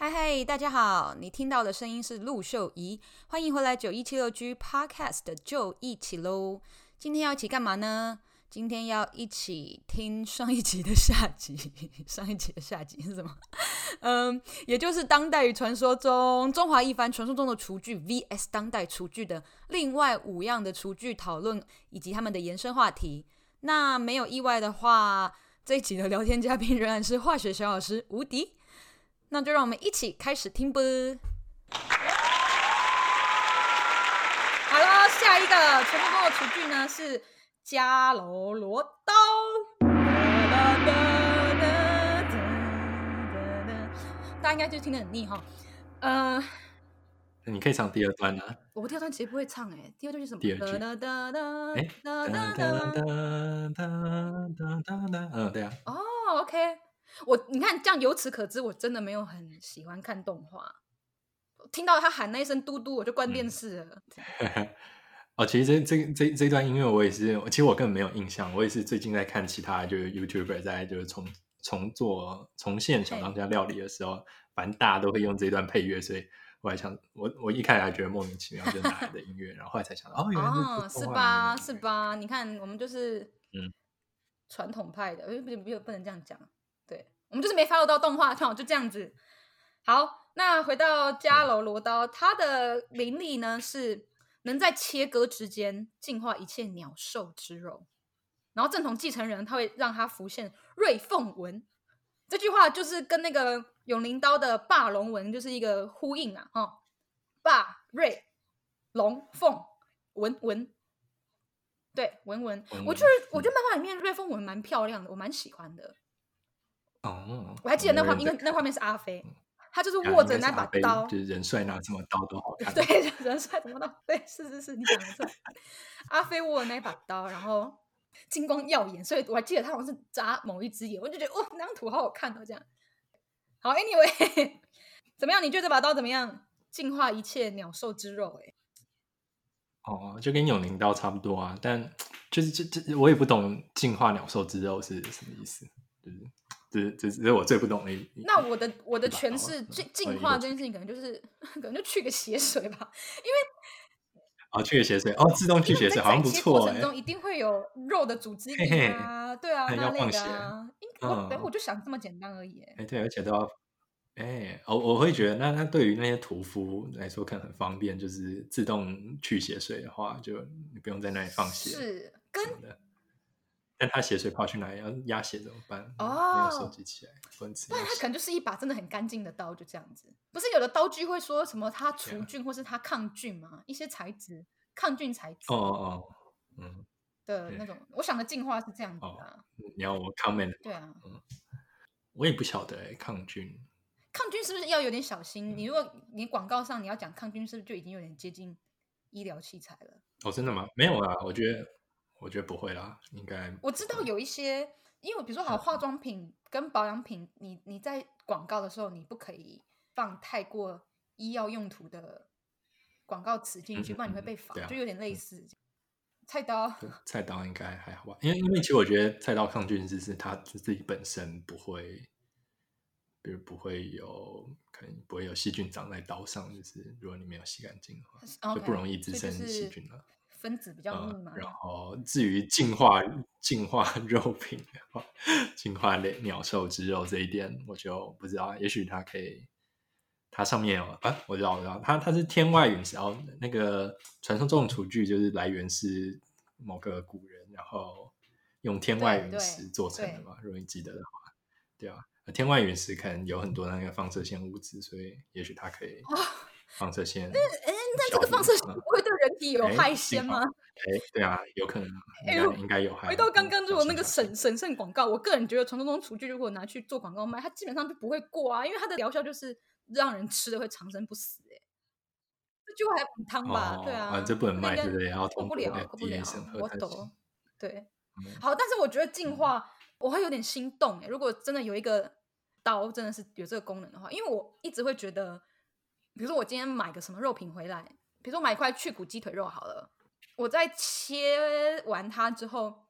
嗨嗨，大家好！你聽到的聲音是陸秀怡。歡迎回來九一七六 G Podcast 的就一起嘍。今天要一起幹嘛呢？今天要一起聽上一集的下集，上一集的下集是什麼？嗯，也就是當代與傳說中中華一番傳說中的廚具 VS 當代廚具的另外五樣的廚具討論，以及他們的延伸話題。那沒有意外的話，這一集的聊天嘉賓仍然是化學小老師吳迪。無那就讓我們一起開始聽播。 好了，下一個全部工的廚具呢是《加羅羅刀。》 大家應該就聽得很膩哈、哦。呃，你可以唱第二段啊。我第二段其實不會唱哎、欸，第二段是什麼？第二噠噠噠噠。噠噠噠噠噠噠噠噠。嗯，對、啊、哦，OK。我，你看這樣，由此可知，我真的沒有很喜歡看動畫。聽到他喊那一聲“嘟嘟”，我就關電視了。嗯、 哦，其實這這這這段音樂，我也是，其實我根本沒有印象。我也是最近在看其他就是 YouTuber 在就是重重做重現小當家料理的時候，反正大家都會用這段配樂，所以我還想，我我一開始還覺得莫名其妙，就是拿來的音樂？ 然後後來才想到、哦，哦，原來是是吧？是吧？你看，我們就是嗯，傳統派的，不行不行，不能這樣講。我們就是沒 follow 到動畫，剛就這樣子。好，那回到迦樓羅刀，它的靈力呢是能在切割之間淨化一切鳥獸之肉。然後正統繼承人，他會讓他浮現瑞鳳紋。這句話就是跟那個永寧刀的霸龍紋就是一個呼應啊！哈、哦，霸瑞龍鳳紋紋，對紋紋，我就是我覺得漫畫裡面瑞鳳紋蠻漂亮的，我蠻喜歡的。哦、oh，我還記得那畫面，因為那畫面是阿飛，他就是握着那把刀，是就是人帥拿什麼刀都好看， 對，就人帥什麼刀，對，是是是，你講的對。 阿飛握那把刀，然後金光耀眼，所以我還記得他好像是眨某一隻眼，我就覺得哦，那張圖好好看哦，這樣。好，Anyway， 怎麼樣？你覺得這把刀怎麼樣？淨化一切鳥獸之肉、欸，哎。哦，就跟永寧刀差不多啊，但就是這這、就是就是、我也不懂淨化鳥獸之肉是什麼意思，就是。只只是我最不懂的。那我的我的詮釋，最進化這件事情，可能就是、嗯、可能就去個血水吧，因為啊去個血水哦，自動去血水，好像不錯。過程中一定會有肉的組織啊嘿嘿，對啊，要放血那啊。嗯，對，哦、等會我就想這麼簡單而已。哎、嗯，欸、對，而且都要哎，我、欸、我會覺得那，那那對於那些屠夫來說，可能很方便，就是自動去血水的話，就你不用在那裡放血，是跟。是但他血水跑去哪裡？要壓血怎麼辦？哦、oh,，沒有收集起來，不能吃。不，他可能就是一把真的很乾淨的刀，就這樣子。不是有的刀具會說什麼它除菌或是它抗菌嗎？Yeah. 一些材質抗菌材質哦哦、oh, oh, oh.，嗯的那種。我想的進化是這樣子啊。Oh, 你要我 comment？對啊，嗯，我也不曉得、欸。抗菌，抗菌是不是要有點小心、嗯？你如果你廣告上你要講抗菌，是不是就已經有點接近醫療器材了？哦、oh,，真的嗎？沒有啦，我覺得。我覺得不會啦，應該我知道有一些，嗯、因為我比如說，好像化妝品跟保養品，嗯、你你在廣告的時候你不可以放太過醫藥用途的廣告詞進去，嗯嗯，不然你會被罰，啊、就有點類似，嗯、菜刀。菜刀應該還好吧？因為因為其實我覺得菜刀抗菌是是它自己本身不會，比如不會有可能不會有細菌長在刀上，就是如果你沒有洗乾淨的話，就不容易滋生細菌了。Okay, 分子比較密嘛、呃？然後至於進化、進化肉品、進化類鳥獸之肉這一點，我就不知道。也許它可以，它上面有啊，我知道，我知道，它它是天外隕石然哦、啊。那個傳說這種廚具就是來源是某個古人，然後用天外隕石做成的嘛。如果你記得的話，對，對啊，天外隕石可能有很多那個放射性物質，所以也許它可以。啊放射線，那哎，那這個放射線不會對人體有害先嗎？哎，對啊，有可能。哎，應該有害。回到剛剛如果那個神神聖廣告，我個人覺得從，傳統中廚具如果拿去做廣告賣，它基本上就不會過啊，因為它的療效就是讓人吃了會長生不死、欸，哎，就還補湯吧，哦、對啊，啊，這不能賣，對、啊、不，不，不，不對？過不了，過不了，我懂。對，好，但是我覺得淨化、嗯、我會有點心動哎、欸，如果真的有一個刀真的是有這個功能的話，因為我一直會覺得。比如說我今天買個什麼肉品回來，比如說買塊去骨雞腿肉好了，我在切完它之後，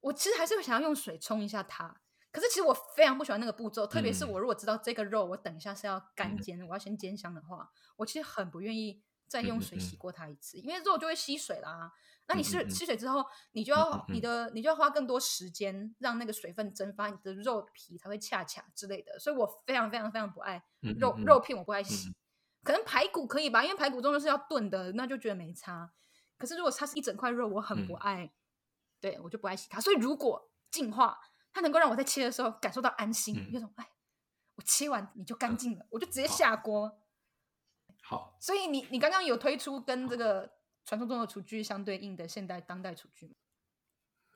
我其實還是會想要用水沖一下它。可是其實我非常不喜歡那個步驟，嗯、特別是我如果知道這個肉我等一下是要乾煎、嗯，我要先煎香的話，我其實很不願意再用水洗過它一次，嗯嗯，因為肉就會吸水啦。那你吸水之後，你就要你的嗯嗯，你就要花更多時間讓那個水分蒸發，你的肉皮才會恰恰之類的。所以我非常非常非常不愛肉嗯嗯，肉片，我不愛洗。嗯嗯可能排骨可以吧，因為排骨終究是要燉的，那就覺得沒差。可是如果它是一整塊肉，我很不愛，嗯、對，我就不愛洗它。所以如果淨化，它能夠讓我在切的時候感受到安心，那、嗯、種哎，我切完你就乾淨了，嗯，我就直接下鍋。好，所以你你剛剛有推出跟這個傳說中的廚具相對應的現代當代廚具嗎？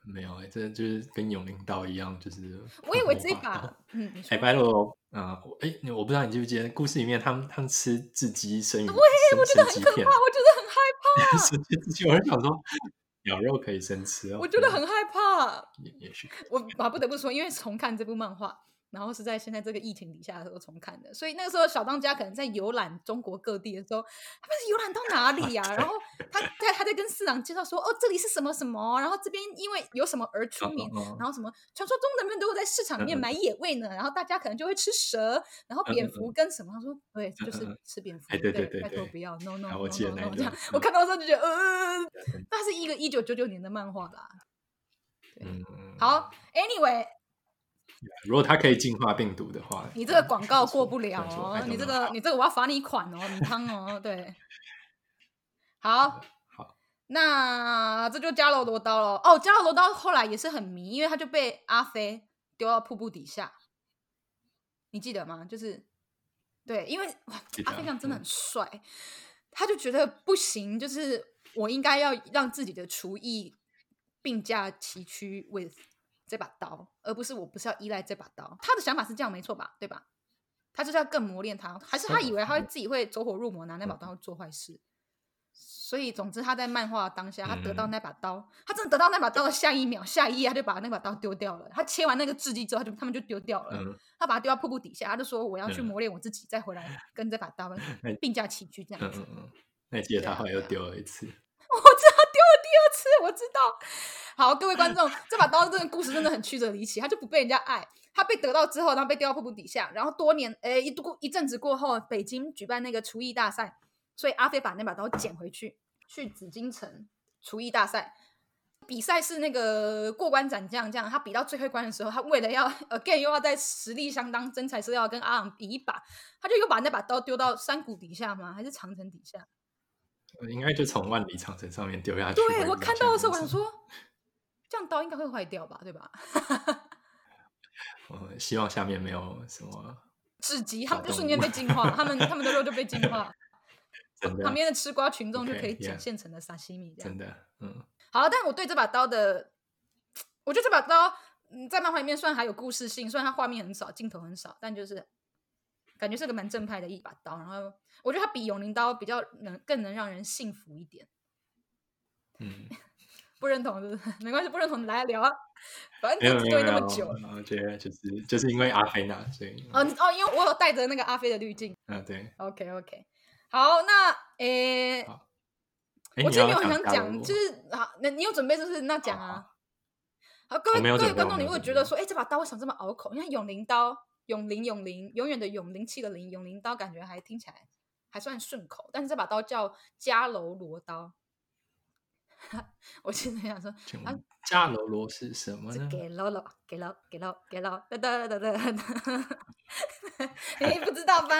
沒有、欸，這就是跟永靈刀一樣，就是。我以為這個，嗯，哎，海白洛，嗯、呃，哎，我不知道你記不記得故事裡面他們他們吃雉雞生魚，我我覺得很可怕，我覺得很害怕、啊。 我很想說，鳥肉可以生吃、啊，我覺得很害怕。也，也許我我不得不說，因為重看這部漫畫。然後是在現在這個疫情底下的時候重看的，所以那個時候小當家可能在遊覽中國各地的時候，他們是遊覽到哪裡呀、啊？然後他在他，他在跟市長介紹說：“哦，這裡是什麼什麼，然後這邊因為有什麼而出名，哦哦哦然後什麼傳說中的人們都會在市場裡面買野味呢、嗯，然後大家可能就會吃蛇，嗯、然後蝙蝠跟什麼？他說對，就是吃蝙蝠。哎，對對對，對，對，拜託不要對對對，no no no no, no 我。我看到的時候就覺得，呃，嗯、那是一個一九九九年的漫畫啦。對、嗯、好，anyway。如果他可以進化病毒的話，你這個廣告過不了哦、喔。就是說說，就是、你這個，你這個我要罰你一款哦、喔，你湯哦、喔。對，好， 好，那這就加羅羅刀囉。哦，加羅羅刀後來也是很迷，因為他就被阿飛丟到瀑布底下。你記得嗎？就是，對，因為哇阿飛這樣真的很帥、嗯，他就覺得不行，就是我應該要讓自己的廚藝並駕齊驅 with 這把刀，而不是我，不是要依賴這把刀。他的想法是這樣，沒錯吧？對吧？他就是要更磨練他，還是他以為他會自己會走火入魔，拿那把刀、嗯、做壞事？所以，總之他在漫畫當下，他得到那把刀，他真的得到那把刀的下一秒、嗯、下一頁，就把那把刀丟掉了。他切完那個字跡之後，他就他們就丟掉了。嗯、他把他丟到瀑布底下，他就說：“我要去磨練我自己，再回來跟這把刀並駕齊驅。”這樣子，嗯嗯嗯、那記得他好像又丟了一次。我這、啊。 是，我知道。好，各位觀眾， 這把刀這個故事真的很曲折離奇，他就不被人家愛，他被得到之後，然後被丟到瀑布底下，然後多年，誒，一度過一陣子過後，北京舉辦那個廚藝大賽，所以阿飛把那把刀撿回去，去紫禁城廚藝大賽。比賽是那個過關斬將，這樣，他比到最後一關的時候，他為了要 again 又要在實力相當真材實料，跟阿朗比一把，他就又把那把刀丟到山谷底下嗎？還是長城底下？我應該就從萬里長城上面丟下去。對，我看到的時候，我想說， 這樣刀應該會壞掉吧，對吧？ 我希望下面沒有什麼。至極，他們就瞬間被淨化， 他們他們的肉就被淨化 的、啊、旁邊的吃瓜群眾就可以撿現成的沙西米，okay, yeah, 真的。嗯。好，但我對這把刀的，我覺得這把刀嗯，在漫畫裡面算還有故事性，雖然它畫面很少，鏡頭很少，但就是。感覺是個蠻正派的一把刀，然後我覺得它比永靈刀比較能更能讓人信服一點。嗯， 不認同是不是，是沒關係，不認同，來，來聊啊。反正你沒有沒有那麼久。我覺得就是就是因為阿飛那，所以哦哦，因為我有帶着那個阿飛的濾鏡。嗯、啊，對。OK OK，好，那誒，誒，我其實沒有想講，就是啊，那你有準備就是，不是那講啊、哦好。好，各位各位觀眾，你會覺得說，哎，這把刀為什麼這麼拗口？你看永靈刀。永靈永靈，永遠的永靈氣的靈，永靈刀感覺還聽起來還算順口，但是這把刀叫迦樓羅刀。哈， 我其實想說，啊，迦樓羅，羅是什麼、啊、給羅羅，給羅給羅給羅，哈哈哈哈！得得得得得 你不知道吧？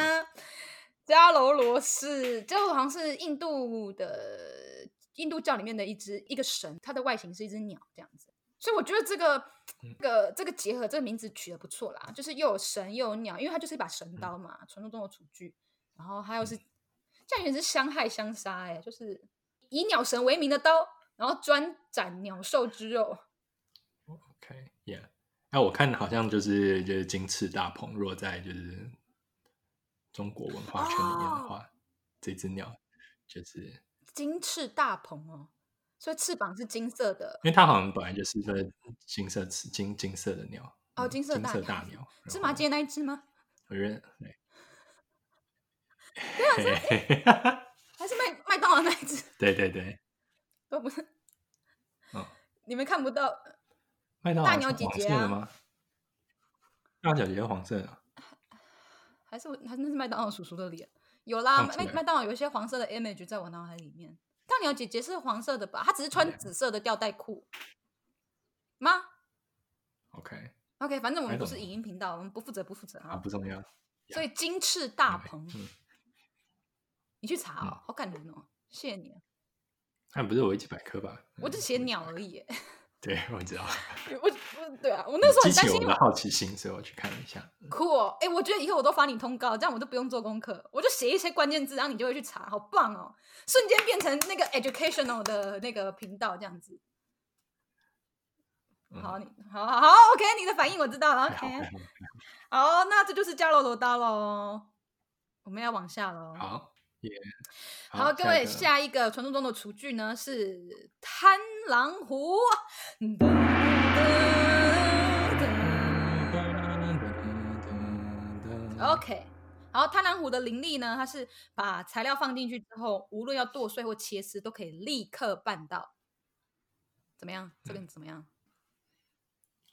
迦 樓羅，羅是就好像是印度的印度教裡面的一只一個神，它的外形是一隻鳥這樣子。所以我覺得這個、嗯、這個、這個結合這個名字取得不錯啦，就是又有神又有鳥，因為它就是一把神刀嘛，傳、嗯、說中，中的廚具，然後還有是，乍、嗯、一也是相害相殺、欸，哎，就是以鳥神為名的刀，然後專斬鳥獸之肉。OK，yeah，、okay，哎、啊，我看好像就是就是金翅大鵬，若在就是中國文化圈裡面的話、哦，這隻鳥就是金翅大鵬哦。所以翅膀是金色的，因為它好像本來就是個金色、金金色的鳥哦，金色大鳥，芝麻街那一只嗎？我覺得，對，對啊、 還是麥麥當勞那一只？對對對，都不是，哦、你們看不到麥當大鳥姐姐大鳥姐姐是黃色的，黃色的、啊，還是我？還是是麥當勞叔叔的臉？有啦，麥麥當勞有一些黃色的 image 在我腦海裡面。大鳥姐姐是黃色的吧？她只是穿紫色的吊帶褲、yeah. 嗎？OK OK，反正我們不是影音頻道，我們不負責不負責啊，不重要。所以金翅大鵬，yeah. 你去查哦、啊，okay. 好感人哦，謝謝你啊。那不是維基百科吧？我只寫鳥而已。對，我知道我。我，對啊，我那時候激起我好奇心，所以我去看了一下。酷，哎，我覺得以後我都發你通告，這樣我都不用做功課，我就寫一些關鍵字，然後你就會去查，好棒哦！瞬間變成那個 educational 的那個頻道這樣子。好，嗯、你，好好好，OK，你的反應我知道了、嗯、OK，OK，OK。好，那這就是加羅羅刀嘍。我們要往下嘍。好。Yeah. 好，好，各位，下一個傳說中的廚具呢是攤狼婪虎，OK。然後貪狼虎的靈力呢？它是把材料放進去之後，無論要剁碎或切絲，都可以立刻辦到。怎麼樣？這邊、個、怎麼樣？嗯、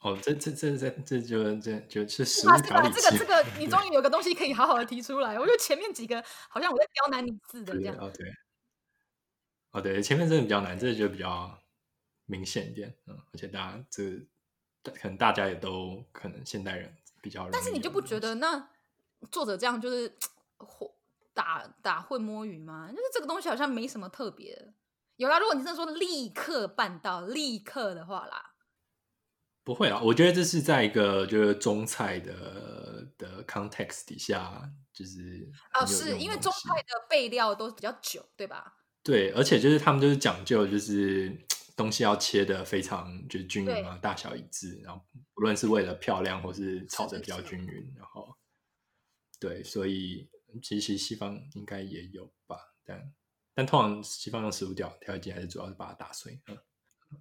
哦，這這這這這就這就這。啊！這個 這個這個，你終於有個東西可以好好的提出來。我覺得前面幾個好像我在刁難你似的這樣。哦對，okay、哦對，前面真的比較難，okay. 這個就比較明顯一點，嗯，而且大家這個、可能大家也都可能現代人比較，但是你就不覺得那作者這樣就是會打打會摸魚嗎？就是這個東西好像沒什麼特別。有啦，如果你真的說立刻辦到立刻的話啦，不會啊，我覺得這是在一個就是中菜的的 context 底下，就是啊、哦，是因為中菜的備料都比較久，對吧？對，而且就是他們就是講究就是。東西要切得非常就是均勻嘛，大小一致，然後不論是為了漂亮或是炒得比較均勻，是是是，然後對，所以其實西方應該也有吧，但但通常西方用食物調理機還是主要是把它打碎、嗯，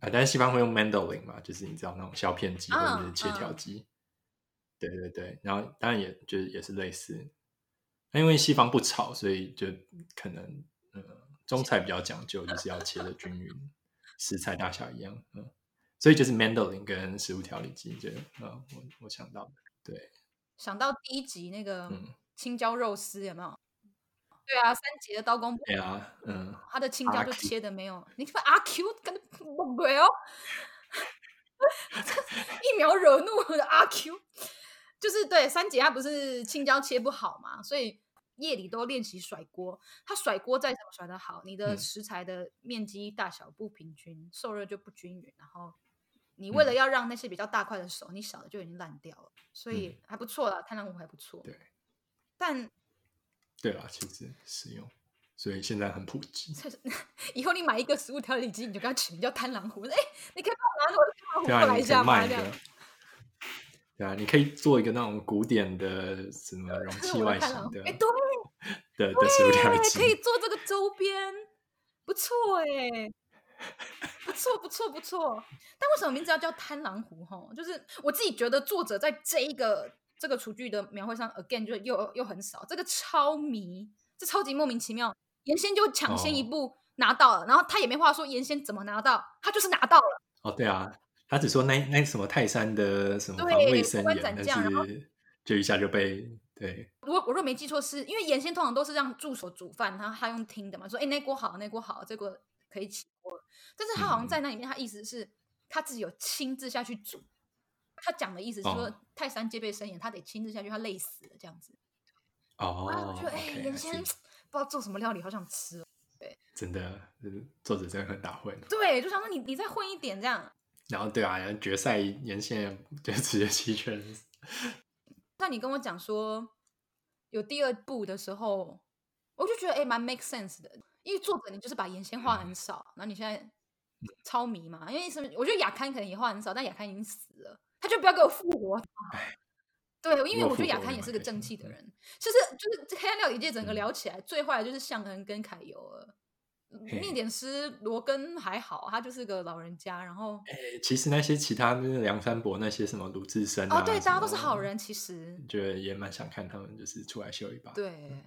啊，但是西方會用 mandolin 嘛，就是你知道那種削片機或者是切條機、啊啊，對對對，然後當然也就是也是類似，那因為西方不炒，所以就可能、呃、中菜比較講究就是要切得均勻。 食材大小一樣，嗯，所以就是 mandolin 跟食物調理機，這，嗯，我我想到對，想到第一集那個青椒肉絲有沒有、嗯？對啊，三姐的刀工不，對啊，嗯，她的青椒就切的沒有，RQ、你看阿 Q 跟崩潰哦，喔、 一秒惹怒我的阿 Q，就是對，三姐她不是青椒切不好嘛，所以。夜裡都練習甩鍋，他甩鍋再怎麼甩的好，你的食材的面積大小不平均，嗯，受熱就不均勻。然後你為了要讓那些比較大塊的熟，嗯，你小的就已經爛掉了。所以還不錯啦，嗯，貪狼壺還不錯。對，但對啦，其實使用，所以現在很普及。以後你買一個食物調理機你，你就給它取名叫貪狼壺。哎，你可以幫我拿着我的貪狼壺過來一下嗎？對啊，你可以做一個那種古典的什麼容器外形的。 對,對,對，可以做這個周邊， 不錯哎，不錯不錯不錯。不錯不錯 但為什麼名字要叫貪狼壺？吼，就是我自己覺得作者在這一個這個廚具的描繪上，again 就又又很少。這個超迷，這超級莫名其妙。原先就搶先一步、哦、拿到了，然後他也沒話說。原先怎麼拿到？他就是拿到了。哦，對啊，他只說那那什麼泰山的什麼對，過關斬將，就一下就被。對，如果我若沒記錯，是因為岩先通常都是讓助手煮飯，然後他用聽的嘛，說哎、欸、那鍋好，那鍋好，這鍋、個、可以起鍋。但是他好像在那裡面，他、嗯、意思是他自己有親自下去煮。他講的意思是說、哦、泰山戒備森嚴，他得親自下去，他累死了這樣子。哦，就哎、哦欸 okay，岩先不知道做什麼料理，好想吃。對，真的，作者真的很打混。對，就想說你你再混一點這樣。然後對啊，然後決賽岩先就直接棄權。 你跟我講說有第二部的時候，我就覺得哎蠻、欸、make sense 的，因為作者你就是把眼線畫很少，然後你現在超迷嘛？因為什麼？我覺得亞刊可能也畫很少，但亞刊已經死了，他就不要給我復活。對，因為我覺得亞刊也是個正氣的人。其實，就是黑暗料理界整個聊起來最壞的就是向恩跟凱尤了。麵 點師羅根還好，他就是個老人家。然後，欸、其實那些其他梁山泊那些什麼魯智深啊、哦，對，大家都是好人。其實，覺得也蠻想看他們就是出來秀一把。對，嗯、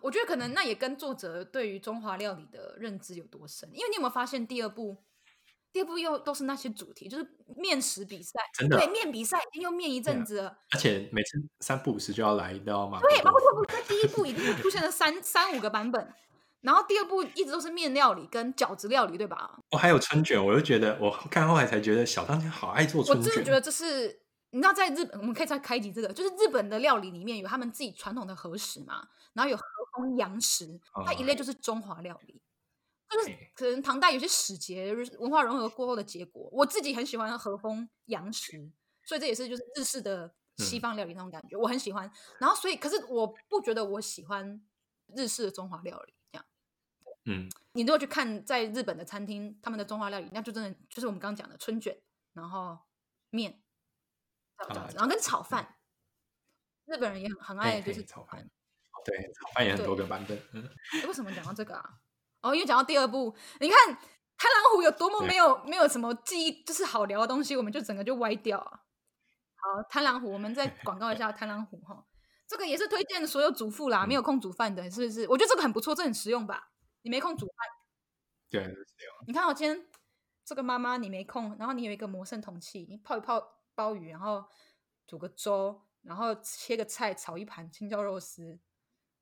我覺得可能那也跟作者對於中華料理的認知有多深。因為你有沒有發現第二部？第二部又都是那些主題，就是面食比賽，對面比賽已經又面一陣子了、啊。而且每次三不五時就要來一道嘛。對，麻婆豆腐在第一部已經出現了三 三,三五個版本。然後第二步一直都是麵料理跟餃子料理，對吧？哦，還有春卷，我就覺得我看後來才覺得小當家好愛做春卷。我真的覺得這是你知道在日本，我們可以再開一集這個，就是日本的料理裡面有他們自己傳統的和食嘛，然後有和風洋食，它一類就是中華料理，但、哦哦就是可能唐代有些使節文化融合過後的結果。我自己很喜歡和風洋食，所以這也是就是日式的西方料理那種感覺，嗯、我很喜歡。然後所以可是我不覺得我喜歡日式的中華料理。嗯，你如果去看在日本的餐廳，他們的中華料理，那就真的就是我們剛剛講的春捲，然後面、還有餃子、啊，然後跟炒飯、嗯，日本人也很很愛就是炒飯、欸欸，對，炒飯也很多個版本。嗯， 為什麼講到這個啊？哦，又講到第二部，你看《貪狼虎》有多麼沒有沒有什麼記憶，就是好聊的東西，我們就整個就歪掉啊。好，《貪狼虎》，我們再廣告一下《貪狼虎》哈，這個也是推薦所有主婦啦，沒有空煮飯的、嗯，是不是？我覺得這個很不錯，這很實用吧。你沒空煮飯，對、就是這樣，你看我今天這個媽媽，你沒空，然後你有一個魔聖銅器，你泡一泡鮑魚，然後煮個粥，然後切個菜，炒一盤青椒肉絲，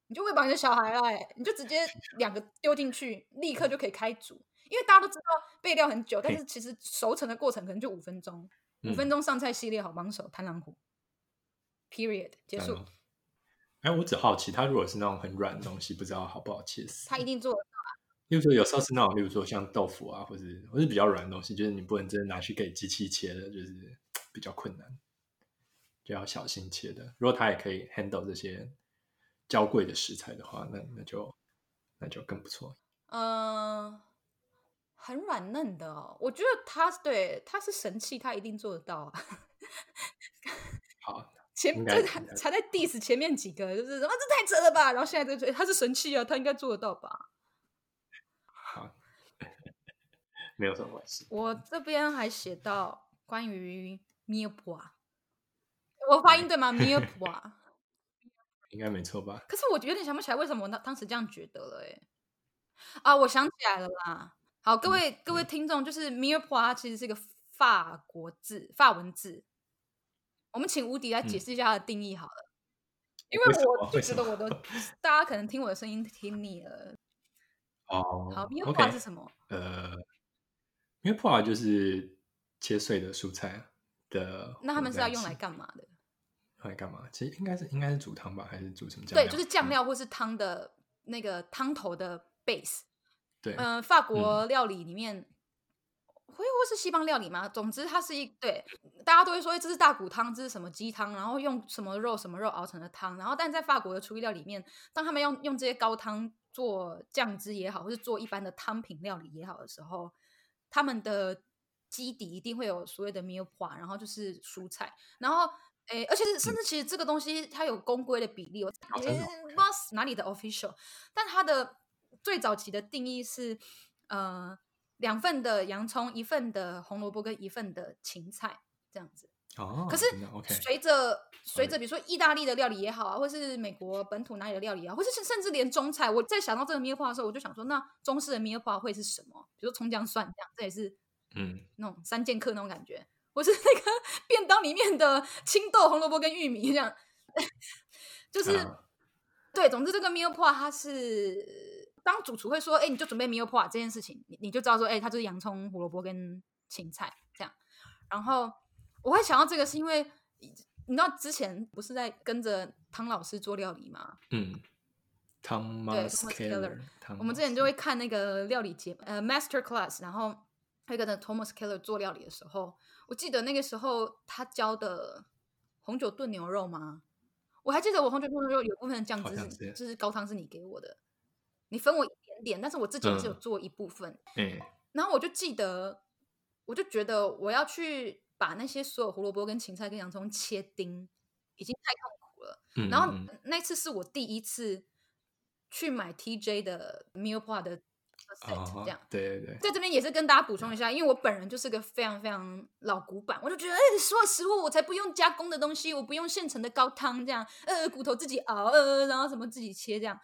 你就餵飽你的小孩了。哎，你就直接兩個丟進去，立刻就可以開煮。因為大家都知道備料很久，但是其實熟成的過程可能就五分鐘，五、嗯、分鐘上菜系列好幫手，貪婪虎。Period 結束。哎、喔欸，我只好奇，它如果是那種很軟的東西，不知道好不好切絲。它一定做。例如說有類似那種，例如說像豆腐啊，或者是或者是比較軟的東西，就是你不能真的拿去給機器切的，就是比較困難，就要小心切的。如果它也可以 handle 這些嬌貴的食材的話，那那就那就更不錯。嗯、呃，很軟嫩的，哦，我覺得它對它是神器，它一定做得到、啊。 好，前面才在 diss 前面幾個，就是什麼這太扯了吧？然後現在就它是神器啊，它應該做得到吧？沒有什麼關係。我這邊還寫到關於 mirepoix 啊，我發音對嗎？mirepoix 坡啊， 應該沒錯吧？可是我有點想不起來為什麼我當時這樣覺得了哎、欸。啊，我想起來了啦。好，各位、嗯、各位聽眾，就是 mirepoix 啊，其實是一個法國字、法文字。我們請吳迪來解釋一下它的定義好了，嗯、因為我就覺得我都大家可能聽我的聲音聽膩了。哦、嗯，好，mirepoix、okay、a 是什麼？呃。因為普洱就是切碎的蔬菜的，那他們是要用來幹嘛的？用來幹嘛？其實應該是應該是煮湯吧，還是煮什麼醬料？對，就是醬料或是湯的，那個湯頭的 base。嗯、對，嗯、呃，法國料理裡面，或、嗯、或是西方料理嘛，總之它是一，對，大家都會說這是大骨湯，這是什麼雞湯，然後用什麼肉什麼肉熬成的湯，然後但在法國的廚藝料理裡面，當他們用用這些高湯做醬汁也好，或是做一般的湯品料理也好的時候。他們的基底一定會有所謂的 mirepoix，然後就是蔬菜，然後誒、欸，而且甚至其實這個東西它有公規的比例，嗯，我猜，不知道是哪裡的 official，但它的最早期的定義是，呃，兩份的洋蔥，一份的紅蘿蔔跟一份的芹菜這樣子。可是隨着隨着比如說意大利的料理也好啊，okay. 或是美國本土哪裡的料理也好，或是甚至連中菜，我在想到這個 mirepoix 的時候，我就想說，那中式的 mirepoix 會是什麼？比如說蔥薑蒜這樣，這也是嗯那種三劍客那種感覺、嗯，或是那個便當裡面的青豆、紅蘿蔔跟玉米這樣， 就是、uh. 對，總之這個 mirepoix 它是當主廚會說，哎、欸，你就準備 mirepoix 這件事情，你你就知道說，哎、欸，它就是洋蔥、胡蘿蔔跟芹菜這樣，然後。我會想到這個，是因為你知道之前不是在跟着湯老師做料理嗎？嗯，Thomas Keller，我們之前就會看那個料理節目，呃，Master Class，然後還跟着 Thomas Keller 做料理的時候，我記得那個時候他教的紅酒燉牛肉嗎？我還記得我紅酒燉牛肉有一部分的醬汁是是就是高湯是你給我的，你分我一點點，但是我自己只有做一部分，嗯，欸、然後我就記得，我就覺得我要去。把那些所有胡蘿蔔跟芹菜跟洋蔥切丁，已經太痛苦了、嗯。然後那次是我第一次去買 TJ 的 mirepoix 的 set，這樣、哦。對對對，在這邊也是跟大家補充一下，因為我本人就是個非常非常老古板，我就覺得哎，所有食物我才不用加工的東西，我不用現成的高湯這樣，呃，骨頭自己熬，呃，然後什麼自己切這樣，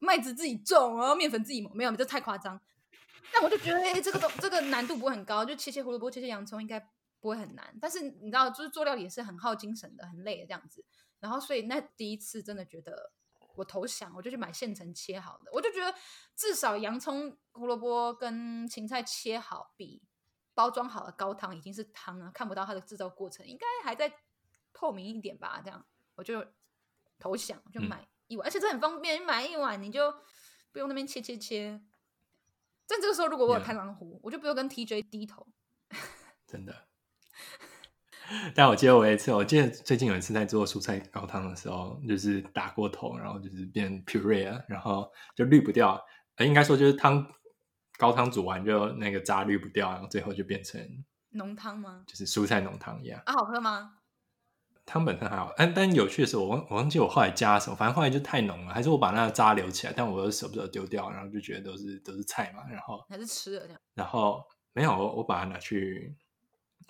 麥子自己種啊，然後麵粉自己磨沒有，這太誇張。但我就覺得哎，這個這個難度不會很高，就切切胡蘿蔔，切切洋蔥應該。不會很難，但是你知道，就是做料理也是很耗精神的，很累的這樣子。然後，所以那第一次真的覺得我投降，我就去買現成切好的。我就覺得至少洋蔥、胡蘿蔔跟芹菜切好比包裝好的高湯已經是湯了，看不到它的製造過程，應該還在透明一點吧？這樣我就投降，就買一碗，嗯、而且這很方便，買一碗你就不用那邊切切切。但這個時候如果我有開狼壺、嗯，我就不用跟 TJ 低頭，真的。 但我記得我有一次，我記得最近有一次在做蔬菜高湯的時候，就是打過頭，然後就是變 puree 然後就濾不掉。欸、應該說就是湯高湯煮完就那個渣濾不掉，然後最後就變成濃湯嗎？就是蔬菜濃湯一樣啊，好喝嗎？湯本身還好，啊，但有趣的是我忘，我我忘記我後來加了什麼，反正後來就太濃了，還是我把那個渣留起來，但我又舍不得丟掉，然後就覺得都是都是菜嘛，然後還是吃了這樣。然後沒有我，我把它拿去。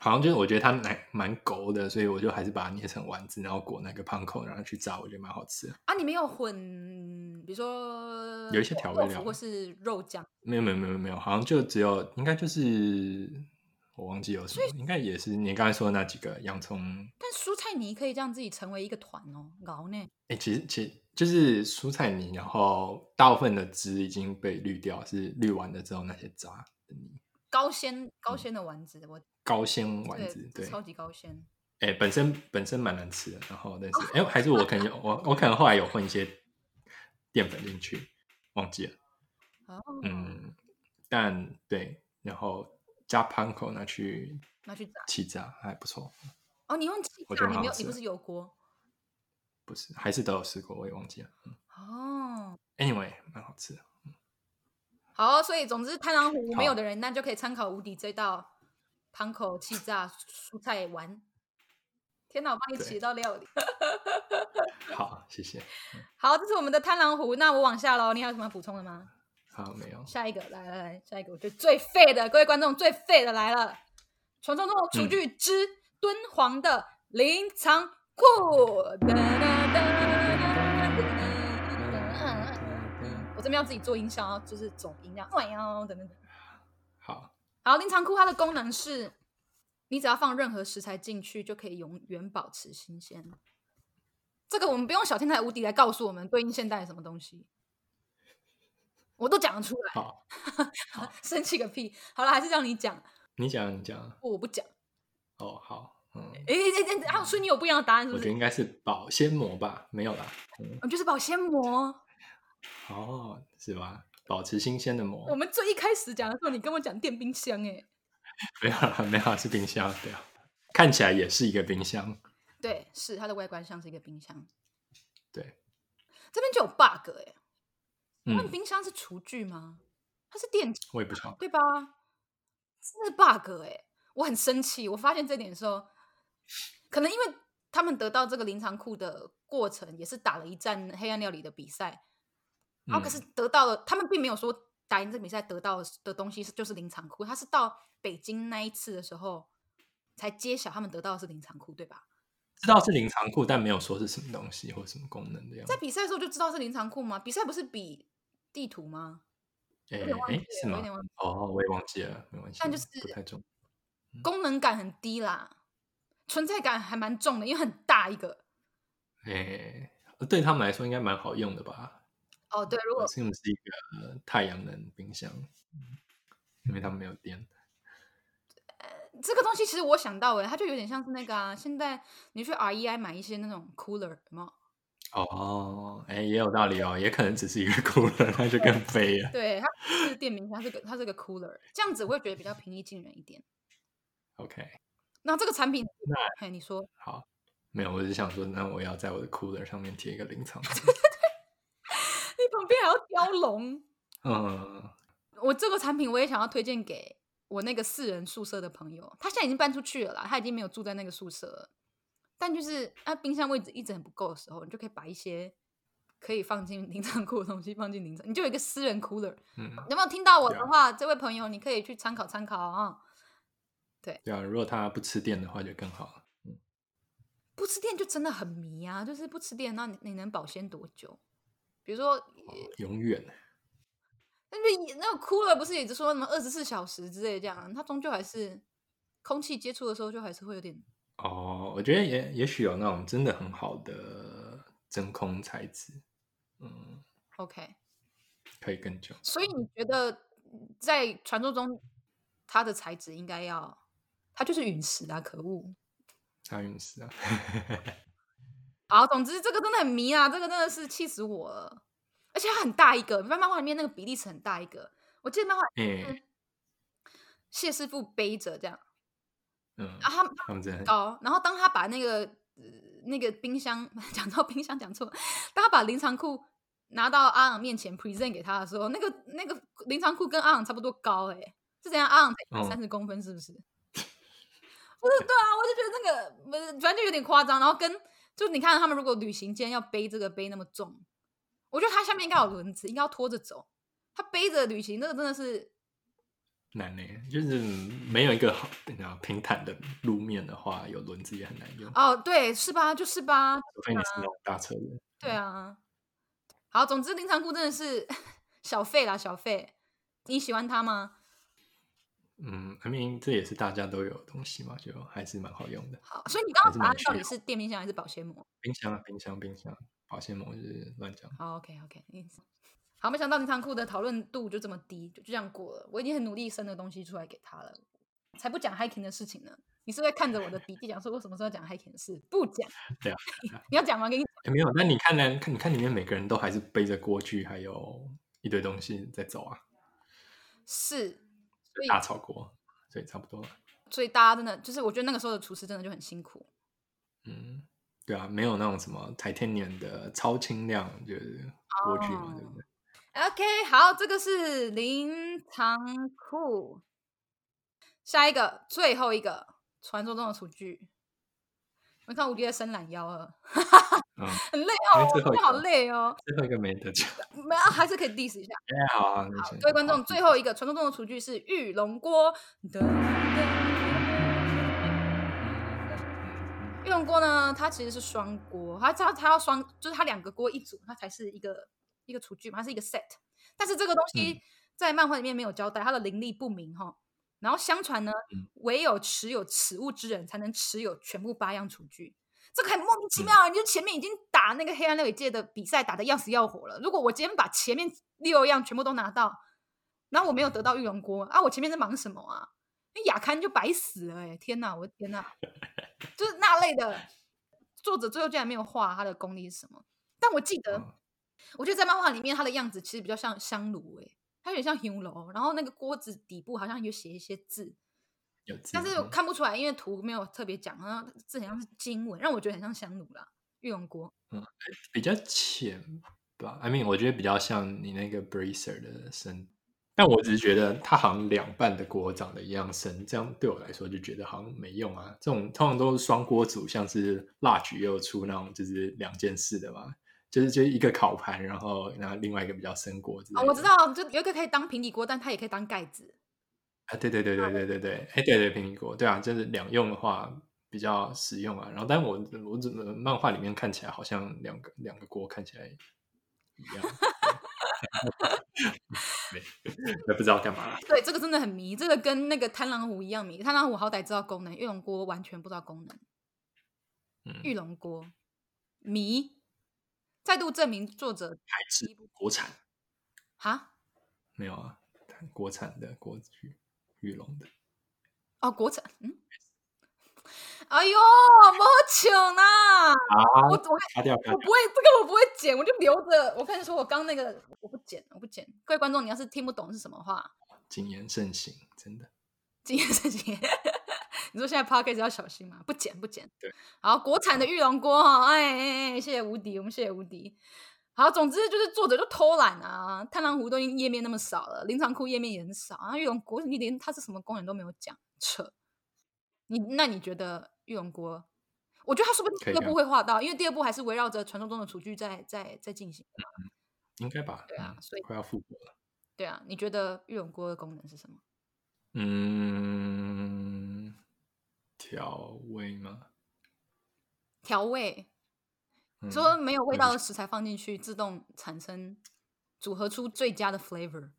好像就是我覺得它蠻蠻勾的，所以我就還是把它捏成丸子，然後裹那個胖口，然後去炸，我覺得蠻好吃啊！你沒有混，比如說有一些調味料，或是肉醬？沒有沒有沒有沒有，好像就只有應該就是我忘記有什麼，應該也是你剛才說的那幾個洋蔥。但蔬菜泥可以讓自己成為一個團哦，咬呢？哎、欸，其實其實就是蔬菜泥，然後大部分的汁已經被濾掉，是濾完了之後那些渣的泥。高鮮高鮮的丸子，嗯、我。高鮮丸子，對，對超級高鮮。哎，本身本身蠻難吃的，然後但是，哎、oh.，還是我可能、oh. 我我可能後來有混一些澱粉進去，忘記了。Oh. 嗯，但對，然後加 panko 拿去拿去炸，氣炸還不錯。哦、oh,，你用氣炸，你沒有，你不是有鍋？不是，還是都有試過，我也忘記了。哦、oh.。Anyway，蠻好吃的。嗯、oh.。好，所以總之，太郎湖沒有的人，那就可以參考無敵這道。湯口氣炸蔬菜丸，天吶，我幫你提到料理。 好，謝謝。好，這是我們的貪狼虎。那我往下嘍，你還有什麼要補充的嗎？好，沒有。下一個，來來來，下一個，我覺得最廢的，各位觀眾最廢的來了，《傳說中的廚具之敦煌的靈藏庫》嗯。我這邊要自己做音效，就是總音量喂，搖等。那好。好，冷藏庫它的功能是，你只要放任何食材進去，就可以永遠保持新鮮。這個我們不用小天才無敵來告訴我們對應現代什麼東西，我都講得出來。好， 生氣個屁！好了，還是讓你講。你講，你講。我不講。哦，好，嗯。哎哎哎，阿、欸、叔，啊、你有不一樣的答案是不是？我覺得應該是保鮮膜吧，沒有啦？嗯，就是保鮮膜。哦，是吧？保持新鮮的膜。我們最一開始講的時候，你跟我講電冰箱、欸，哎， 沒有，沒有是冰箱，對啊，看起來也是一個冰箱，對，是它的外觀像是一個冰箱，對，這邊就有 bug 哎、欸，因為冰箱是廚具嗎？嗯、它是電，我也不懂，對吧？是 bug 哎、欸，我很生氣，我發現這點的時候，可能因為他們得到這個靈藏庫的過程，也是打了一戰黑暗料理的比賽。然、哦、後可是得到了，他們並沒有說打贏這比賽得到的東西是就是靈藏庫，他是到北京那一次的時候才揭曉他們得到的是靈藏庫，對吧？知道是靈藏庫，但沒有說是什麼東西或什麼功能的樣子。在比賽的時候就知道是靈藏庫嗎？比賽不是比地圖嗎？哎、欸、哎、欸，是嗎？哦，我也忘記了，沒關係。但就是不太重，功能感很低啦，存在感還蠻重的，因為很大一個。哎、欸，對他們來說應該蠻好用的吧？哦、oh,，對，如果是一個太陽能冰箱，因為他們沒有電。呃，這個東西其實我想到誒，它就有點像是那個、啊、現在你去 REI 買一些那種 cooler 嘛。哦，哎，也有道理哦，也可能只是一個 cooler，它就更飛了，對。對，它不是電冰箱，它是個它是個 cooler，這樣子我會覺得比較平易近人一點。OK 那，那這個產品，哎，你說好沒有？我只想說，那我要在我的 cooler 上面貼一個臨場。 旁邊還要雕龍，嗯，我這個產品我也想要推薦給我那個四人宿舍的朋友，他現在已經搬出去了啦，他已經沒有住在那個宿舍了。但就是啊，冰箱位置一直很不夠的時候，你就可以把一些可以放進冷藏庫的東西放進冷藏，你就有一個私人 Cooler。嗯，有沒有聽到我的話？這位朋友，你可以去參考參考啊、哦。對對啊，如果他不吃電的話，就更好了。不吃電就真的很迷啊！就是不吃電、啊，那你你能保鮮多久？比如說，哦、永遠，那那個、哭了不是一直說什麼二十四小時之類這樣，它終究還是空氣接觸的時候就還是會有點。哦，我覺得也也許有那種真的很好的真空材質，嗯，OK，可以更久。所以你覺得在傳說中它的材質應該要，它就是隕石啊，可惡，它隕石啊。 好，總之這個真的很迷啊，這個真的是氣死我了，而且很大一個，你知道漫畫裡面那個比例尺很大一個。我記得漫畫，謝師傅背着這樣，嗯，然、啊、後他，他們高、哦，然後當他把那個那個冰箱講到冰箱講錯，當他把靈藏庫拿到阿朗面前 present 給他的時候，那個那個靈藏庫跟阿朗差不多高哎、欸，是怎樣？阿朗才一百三十公分是不是？不、哦、是 對啊，我就覺得那個反正就有點誇張，然後跟。就你看他們如果旅行，竟然要背這個背那麼重，我覺得它下面應該有輪子，應該要拖着走。他背着旅行，那個真的是難呢，就是沒有一個好，你知道，平坦的路面的話，有輪子也很難用。哦，對，是吧？就是吧。除非你是那種大車。對啊。好，總之林長姑真的是小費啦，小費。你喜歡他嗎？嗯，明明這也是大家都有的東西嘛，就還是蠻好用的。好，所以你剛剛拿的到底是電冰箱還是保鮮膜？冰箱，啊冰箱，冰箱，保鮮膜就是亂講。好，OK，OK，okay, okay. 好，沒想到你倉庫的討論度就這麼低，就這樣過了。我已經很努力生的東西出來給他了，才不講 hiking 的事情呢。你是不是看着我的筆記講說我什麼時候講 hiking 的事？不講。對啊， 你要講嗎？給你沒有？那你看呢？看你看，裡面每個人都還是背着鍋具，還有一堆東西在走啊。是。大炒鍋，所以差不多了。所以大家真的就是，我覺得那個時候的廚師真的就很辛苦。嗯，對啊，沒有那種什麼泰坦尼亞的超輕量就是鍋具嘛，對不對？OK，好，這個是零長褲。下一個，最後一個，傳說中的廚具。我看吳迪在伸懶腰、嗯、 很累哦，好累哦，最後一個沒得講。沒啊，還是可以 diss 一下 好、啊。好，各位觀眾，最後一個傳說中的廚具是玉龍鍋、嗯嗯嗯。玉龍鍋呢，它其實是雙鍋，它它要雙，就是它兩個鍋一組，它才是一個一個廚具嘛，它是一個 set。但是這個東西在漫畫裡面沒有交代，它的靈力不明哈、哦。嗯然後相傳呢，唯有持有此物之人，才能持有全部八樣廚具。這個很莫名其妙啊！你、嗯、就是、前面已經打那個黑暗料理界的比賽，打得要死要活了。如果我今天把前面六樣全部都拿到，然後我沒有得到玉龍鍋啊，我前面在忙什麼啊？那雅刊就白死了哎、欸！天哪，我的天哪，就是那類的作者，最後竟然沒有畫他的功力是什麼？但我記得、哦，我覺得在漫畫裡面他的樣子其實比較像香爐哎、欸。它有點像蒸籠，然後那個鍋子底部好像有寫一些字，有字但是我看不出來，因為圖沒有特別講。然後字好像是經文，讓我覺得很像香爐啦，玉龍鍋。嗯，比較淺吧、嗯。I mean，我覺得比較像你那個 brazier 的深，但我只是覺得它好像兩半的鍋長得一樣深，這樣對我來說就覺得好像沒用啊。這種通常都是雙鍋煮，像是蠟燭又出那種，就是兩件事的嘛。就是就一個烤盤，然後然後另外一個比較深鍋、哦。我知道，就有一個可以當平底鍋，但它也可以當蓋子。啊，對對對對對、哦、對，對對，哎對對平底鍋，對啊，就是兩用的話比較實用啊。然後，但我我怎麼漫畫裡面看起來好像兩個兩個鍋看起來一樣，也 不知道幹嘛、啊。對，這個真的很迷。這個跟那個貪狼虎一樣迷，貪狼虎好歹知道功能，玉龍鍋完全不知道功能。嗯、玉龍鍋迷。再度證明作者一還是一部國產哈，沒有啊，國產的國語，玉龍的哦，國產，嗯，哎呦、啊啊，我請呢，我我我不會，我不會這個我不會剪，我就留着。我跟你說，我剛那個我不剪，我不剪。各位觀眾，你要是聽不懂是什麼話，謹言慎行，真的謹言慎行。 你說現在 Podcast 要小心嗎？不剪，不剪。對，好，國產的玉龍鍋、哦，哎哎哎，謝謝無敵，我們謝謝無敵。好，總之就是作者就偷懶啊，貪狼壺都已經頁面那麼少了，靈昌庫頁面也很少啊，玉龍鍋你連它是什麼功能都沒有講，扯。你那你覺得玉龍鍋？我覺得它說不定第二部會畫到、啊，因為第二部還是圍繞着傳說中的廚具在在在進行、嗯。應該吧。對啊，所以、嗯、快要復活了。對啊，你覺得玉龍鍋的功能是什麼？嗯。調味嗎？調味、嗯，說沒有味道的食材放進去，自動產生組合出最佳的 flavor。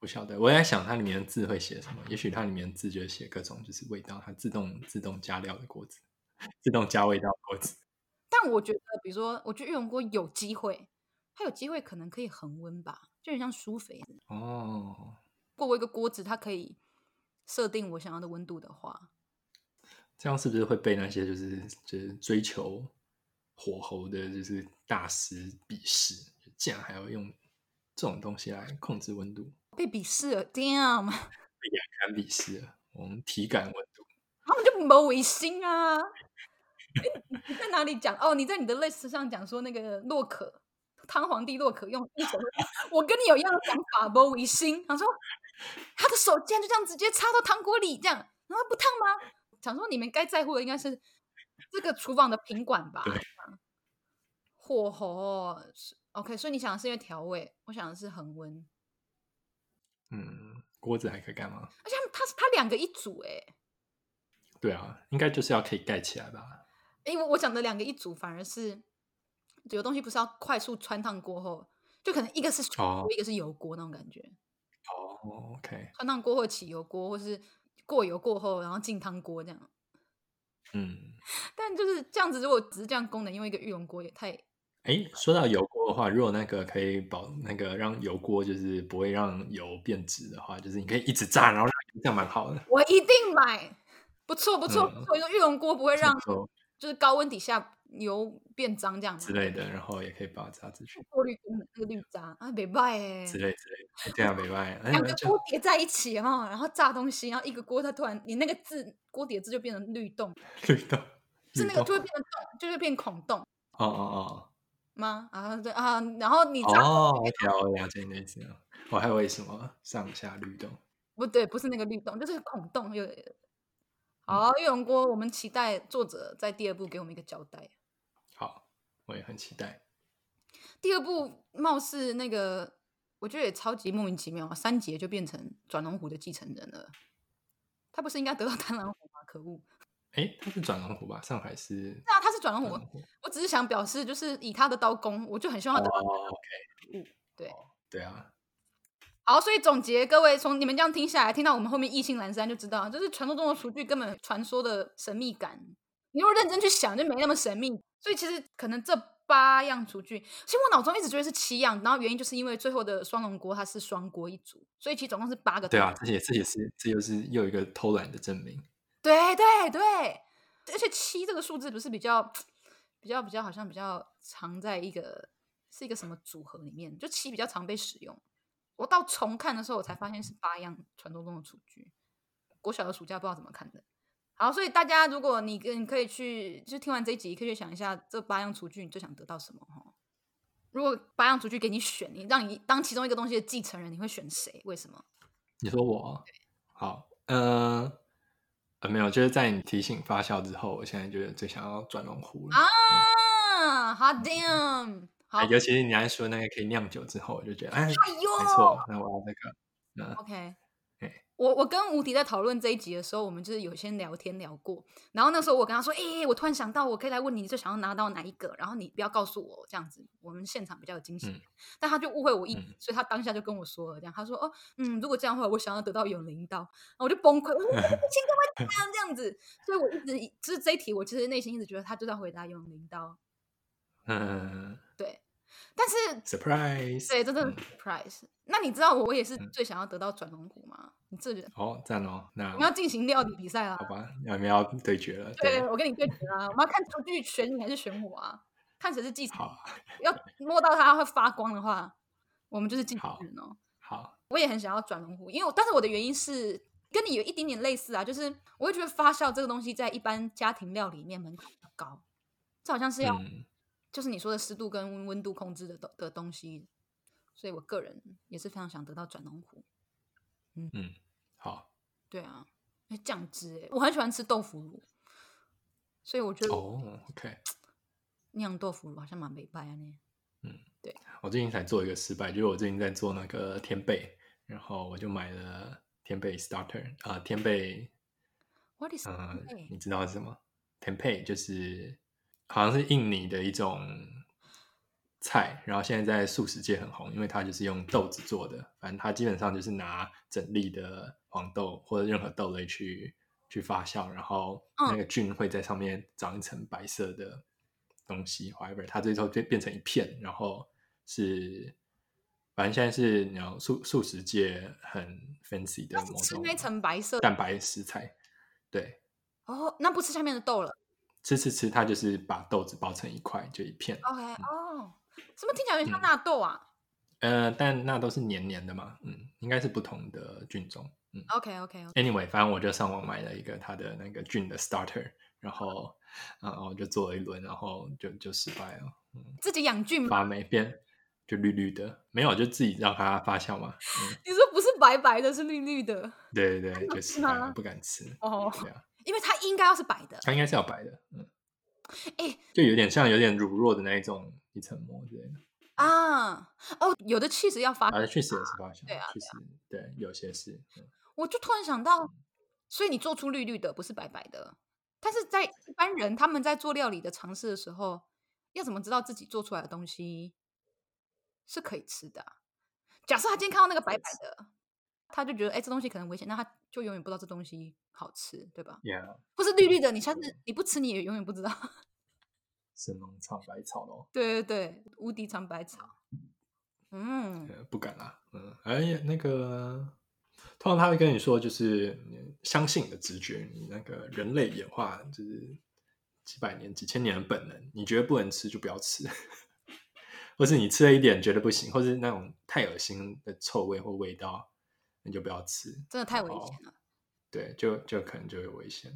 不曉得，我在想它裡面的字會寫什麼？也許它裡面的字就寫各種就是味道，它自動自動加料的鍋子，自動加味道的鍋子。但我覺得，比如說，我覺得玉龍鍋有機會，它有機會可能可以恆溫吧，就很像舒肥哦。過過一個鍋子，它可以設定我想要的溫度的話。這樣是不是會被那些就是就是追求火候的，就是大師鄙視？竟然還要用這種東西來控制溫度，被鄙視了，damn！被人家鄙視了，我們體感溫度，他們就沒微信啊、 欸！你在哪裡講？哦，你在你的 list 上講說那個洛可湯皇帝洛可用一手， 我跟你有一樣的想法，沒微信。他說他的手竟然就這樣直接插到湯鍋裡，這樣，那不燙嗎？想說你們該在乎的應該是這個廚房的品管吧，對火候 OK，所以你想的是因為調味，我想的是恆溫。嗯，鍋子還可以幹嘛？而且它它兩個一組哎、欸。對啊，應該就是要可以蓋起來吧？因為我我講的兩個一組反而是有東西不是要快速汆燙過後，就可能一個是哦，oh. 一個是油鍋那種感覺。哦、oh，OK，汆燙過後起油鍋或是。過油過後，然後進湯鍋這樣。嗯，但就是這樣子，如果只是這樣功能，因為一個玉龍鍋也太……哎、欸，說到油鍋的話，如果那個可以保那個讓油鍋就是不會讓油變質的話，就是你可以一直炸，然後這樣蠻好的。我一定買，不錯不錯、嗯。所以說玉龍鍋不會讓，就是高溫底下。油變髒這樣子之類的，然後也可以把它渣出去過濾那個濾渣啊，沒辦哎，之類之類、欸，對啊，沒辦、欸。兩個鍋疊在一起哈，然後炸東西，然後一個鍋它突然，你那個字鍋底字就變成濾洞，濾洞是那個就會變得洞,洞，就是變孔洞。哦哦哦，嗎？啊對啊，然後你炸哦，就炸哦，了解了解那意思。我還為什麼上下濾洞？不對，不是那個濾洞，就是孔洞有。好，鴛鴦鍋，我們期待作者在第二部給我們一個交代。我也很期待。第二部貌似那個，我覺得也超級莫名其妙三傑就變成轉龍虎的繼承人了。他不是應該得到單龍虎嗎？可惡！哎、欸，他是轉龍虎吧？上海是？是啊，他是轉龍虎。我只是想表示，就是以他的刀工，我就很希望他打。Oh, OK，對，oh, 對啊。好，所以總結各位，從你們這樣聽下來，聽到我們後面意興闌珊就知道，就是傳說中的廚具根本傳說的神祕感，你如果認真去想，就沒那麼神祕。所以其實可能這八樣廚具，其實我腦中一直覺得是七樣，然後原因就是因為最後的雙龍鍋它是雙鍋一組，所以其實總共是八個。對啊，這些這也是這又是又一個偷懶的證明。對對對，而且七這個數字不是比較比較比較好像比較藏在一個是一個什麼組合裡面，就七比較常被使用。我到重看的時候，我才發現是八樣傳說中的廚具。國小的暑假不知道怎麼看的。好，所以大家如果你跟你可以去就聽完這一集，可以去想一下這八樣廚具，你最想得到什麼？如果八樣廚具給你選，你讓你當其中一個東西的繼承人，你會選誰？為什麼？你說我？好，呃呃，呃，沒有，就是在你提醒發酵之後，我現在就最想要轉龍壺啊！好、嗯、damn，好，尤、嗯欸、其是你還說那個可以釀酒之後，我就覺得哎，哎呦，沒錯，那我要那、這個，嗯，OK。我我跟吳迪在討論這一集的時候，我們就是有先聊天聊過。然後那時候我跟他說：“誒、欸，我突然想到，我可以來問你，你最想要拿到哪一個？”然後你不要告訴我這樣子，我們現場比較有驚喜、嗯。但他就誤會我意，所以他當下就跟我說了這樣，他說：“哦，嗯，如果這樣話，我想要得到永靈刀。”然後我就崩潰，我說：“你親哥會這樣這樣子？”所以我一直就是這一題，我其實內心一直覺得他就在回答永靈刀。嗯，對。但是 surprise，對，真的 surprise、嗯。那你知道我也是最想要得到轉龍虎嗎？嗯、你這好樣哦！那我們要進行料理比賽了，好吧？我們要對決了對。對，我跟你對決啊！ 我們要看廚具選你還是選我啊？看誰是技巧。要摸到它，它會發光的話，我們就是進承人哦、喔。好，我也很想要轉龍虎，因為我但是我的原因是跟你有一點點類似啊，就是我會覺得發酵這個東西在一般家庭料理裡面門檻比較高，這好像是要、嗯。就是你說的濕度跟溫度控制的東的東西，所以我個人也是非常想得到轉龍壺。嗯嗯，好。對啊，那、欸、醬汁，我很喜歡吃豆腐乳，所以我覺得哦、oh,，OK，釀豆腐乳好像蠻美白啊，嗯，對。我最近才做一個失敗，就是我最近在做那個天貝，然後我就買了天貝 starter 啊、呃，天貝，What is？嗯、呃，你知道它是什麼？天貝就是。好像是印尼的一種菜，然後現在在素食界很紅，因為它就是用豆子做的。反正它基本上就是拿整粒的黃豆或者任何豆類去去發酵，然後那個菌會在上面長一層白色的東西。However，、嗯、它最後就變成一片，然後是反正現在是你知道素素食界很 fancy 的某種層白色的蛋白食材。對哦，那不吃下面的豆了。吃吃吃，它就是把豆子包成一塊，就一片。OK，哦、oh. 嗯，什麼聽起來有點像納豆啊？嗯，呃、但納豆是黏黏的嘛。嗯，應該是不同的菌種。嗯，OK，OK，OK。Okay, okay, okay. Anyway，反正我就上網買了一個它的那個菌的 starter，然後，然後就做了一輪，然後就就失敗了。嗯、自己養菌發霉變就綠綠的，沒有就自己讓它發酵嘛。嗯、 你說不是白白的，是綠綠的？對對對，就是不敢吃。 哦，因為它應該要是白的，它應該是要白的，嗯，哎、欸，就有點像有點乳弱的那一種一層膜之類的啊，哦，有的起司要發，有、啊、的確實也是發，對啊，確實，對、啊對，有些是。我就突然想到，所以你做出綠綠的，不是白白的，但是在一般人他們在做料理的嘗試的時候，要怎麼知道自己做出來的東西是可以吃的？假設他今天看到那個白白的。他就覺得，哎、欸，這東西可能危險，那他就永遠不知道這東西好吃，對吧、yeah. 或是綠綠的，你下次你不吃，你也永遠不知道。神農嘗百草嘍、哦？對對對，無敵嘗百草嗯。嗯，不敢啦、啊。嗯，哎呀，那個，通常他會跟你說，就是相信你的直覺，你那個人類演化就是幾百年、幾千年的本能，你覺得不能吃就不要吃， 或是你吃了一點覺得不行，或是那種太惡心的臭味或味道。你就不要吃，真的太危險了。對，就就可能就有危險。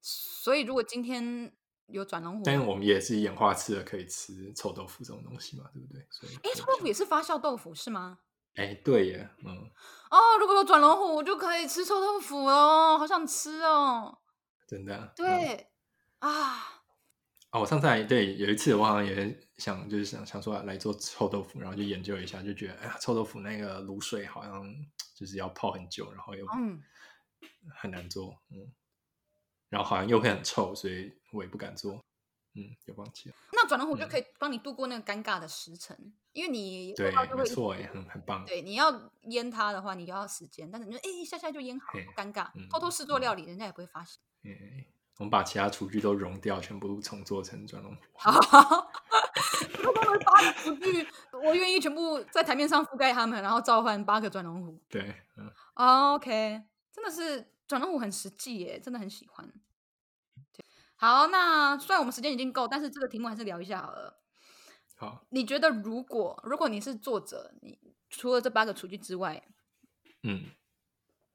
所以，如果今天有轉龍壺，但我們也是演化吃的，可以吃臭豆腐這種東西嘛，對不對？所以、欸，臭豆腐也是發酵豆腐是嗎？哎、欸，對呀，嗯。哦，如果有轉龍壺，我就可以吃臭豆腐哦。好想吃哦。真的。對。嗯、啊。哦，我上次對有一次，我好像也想就是想想說來，來做臭豆腐，然後就研究一下，就覺得哎呀，臭豆腐那個滷水好像就是要泡很久，然後又、嗯、很難做，嗯，然後好像又會很臭，所以我也不敢做，嗯，就放棄了。那轉輪壺我就可以、嗯、幫你度過那個尷尬的時辰，因為你對，沒錯，很很棒。對，你要醃它的話，你就要時間，但是你說哎，一下下就醃好，不尷尬，偷偷試做料理，嗯、人家也不會發現。我們把其他廚具都融掉，全部重做成轉龍壺。好，那他八個廚具，我願意全部在台面上覆蓋他們，然後召喚八個轉龍壺。對、嗯、，o、oh, k、okay. 真的是轉龍壺很實際耶，真的很喜歡。好，那雖然我們時間已經夠，但是這個題目還是聊一下好了。好，你覺得如果如果你是作者，你除了這八個廚具之外，嗯。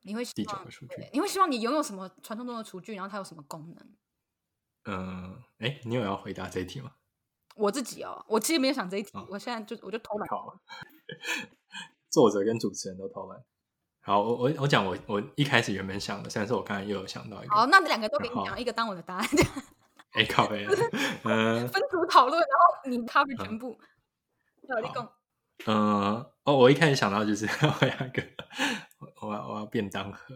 你會希望，你會希望你擁有什麼傳說中的廚具？然後它有什麼功能？嗯，哎、欸，你有要回答這一題嗎？我自己哦，我其實沒有想這一題，哦、我現在就我就偷懶了。作者跟主持人都偷懶。好，我我講我講我我一開始原本想的，雖然說，我剛才又有想到一個。好，那兩個都給你講一個，當我的答案。哎、欸，咖啡、啊就是。嗯，分組討論，然後你咖啡全部。有在講。嗯，哦，我一開始想到就是兩 我兩個。 我要我要便當盒，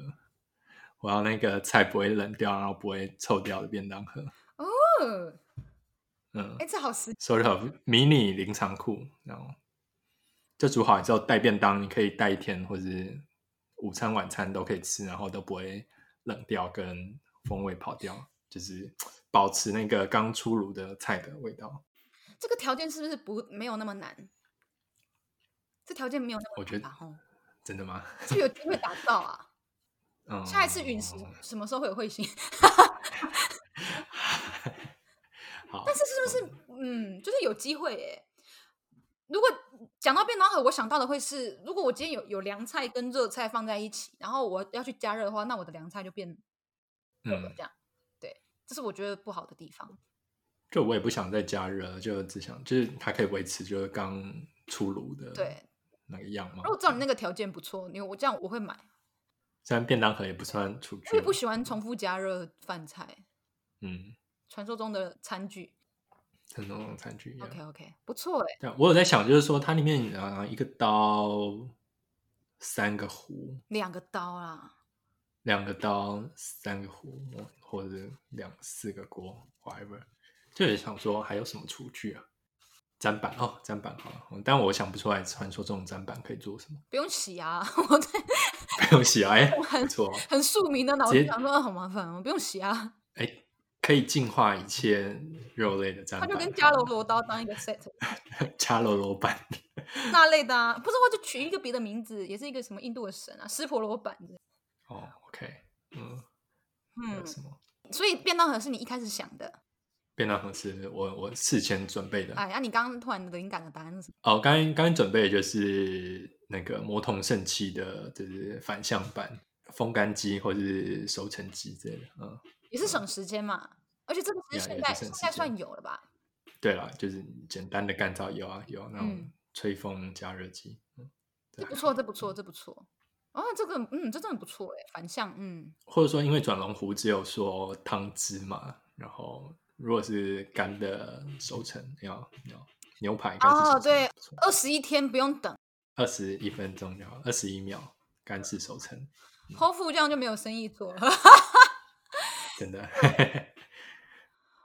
我要那個菜不會冷掉，然後不會臭掉的便當盒。哦，嗯，哎、欸，這好實用，Sorry，mini 冷藏庫，然後就煮好之後帶便當，你可以帶一天，或者是午餐晚餐都可以吃，然後都不會冷掉跟風味跑掉，就是保持那個剛出爐的菜的味道。這個條件是不是不，沒有那麼難？這條件沒有那麼難。真的嗎？就 有機會打造啊！下一次隕石什麼時候會有彗星？ 但是是不是嗯，嗯，就是有機會耶、欸。如果講到便當盒，我想到的會是，如果我今天有有涼菜跟熱菜放在一起，然後我要去加熱的話，那我的涼菜就變嗯這樣，對，這是我覺得不好的地方。就我也不想再加熱，就只想就是它可以維持就是剛出爐的，對。那個樣嗎？如果，照你那個條件不錯，因為我這樣我會買。雖然便當盒也不算廚具，我也不喜歡重複加熱飯菜。嗯，傳說中的餐具，傳說中的餐具。OK OK，不錯哎、欸。我有在想，就是說它裡面啊，一個刀，三個壺，兩個刀啦，兩個刀，三個壺，或者兩四個鍋，whatever。就也想說還有什麼廚具啊？砧板哦，砧板好了，哦。但我想不出來，傳說這種砧板可以做什麼？不用洗啊，我在， 不用洗啊？哎、欸，我很、沒錯、啊，很庶民的腦，直接想說很麻煩，我不用洗啊。哎、欸，可以淨化一切肉類的這樣。他就跟迦樓羅刀當一個 set， 迦樓羅板。 那類的？啊。不是我就取一個別的名字，也是一個什麼印度的神啊，濕婆羅板。哦，OK，嗯嗯，什麼？所以便當盒是你一開始想的。變大方式，我我事前準備的。哎，那、啊、你剛剛突然靈感的答案是什麼？哦，剛剛剛準備的就是那個魔童聖器的，就是反向版風乾機或是熟成機之類的。嗯，也是省時間嘛、啊，而且這個是現在、啊、現在現在算有了吧？對了，就是簡單的乾燥有啊有啊、嗯、那種吹風加熱機。這不錯，這不錯，這不錯、嗯。哦，這個嗯，這真的很不錯哎，反向嗯。或者說，因為轉龍壺只有說湯汁嘛，然後。如果是乾的熟成，要、no, 要、no. 牛排。哦、oh,，對，二十一天不用等，二十一分鐘要二十一秒乾式熟成。剖、嗯、腹這樣就沒有生意做了， 真的。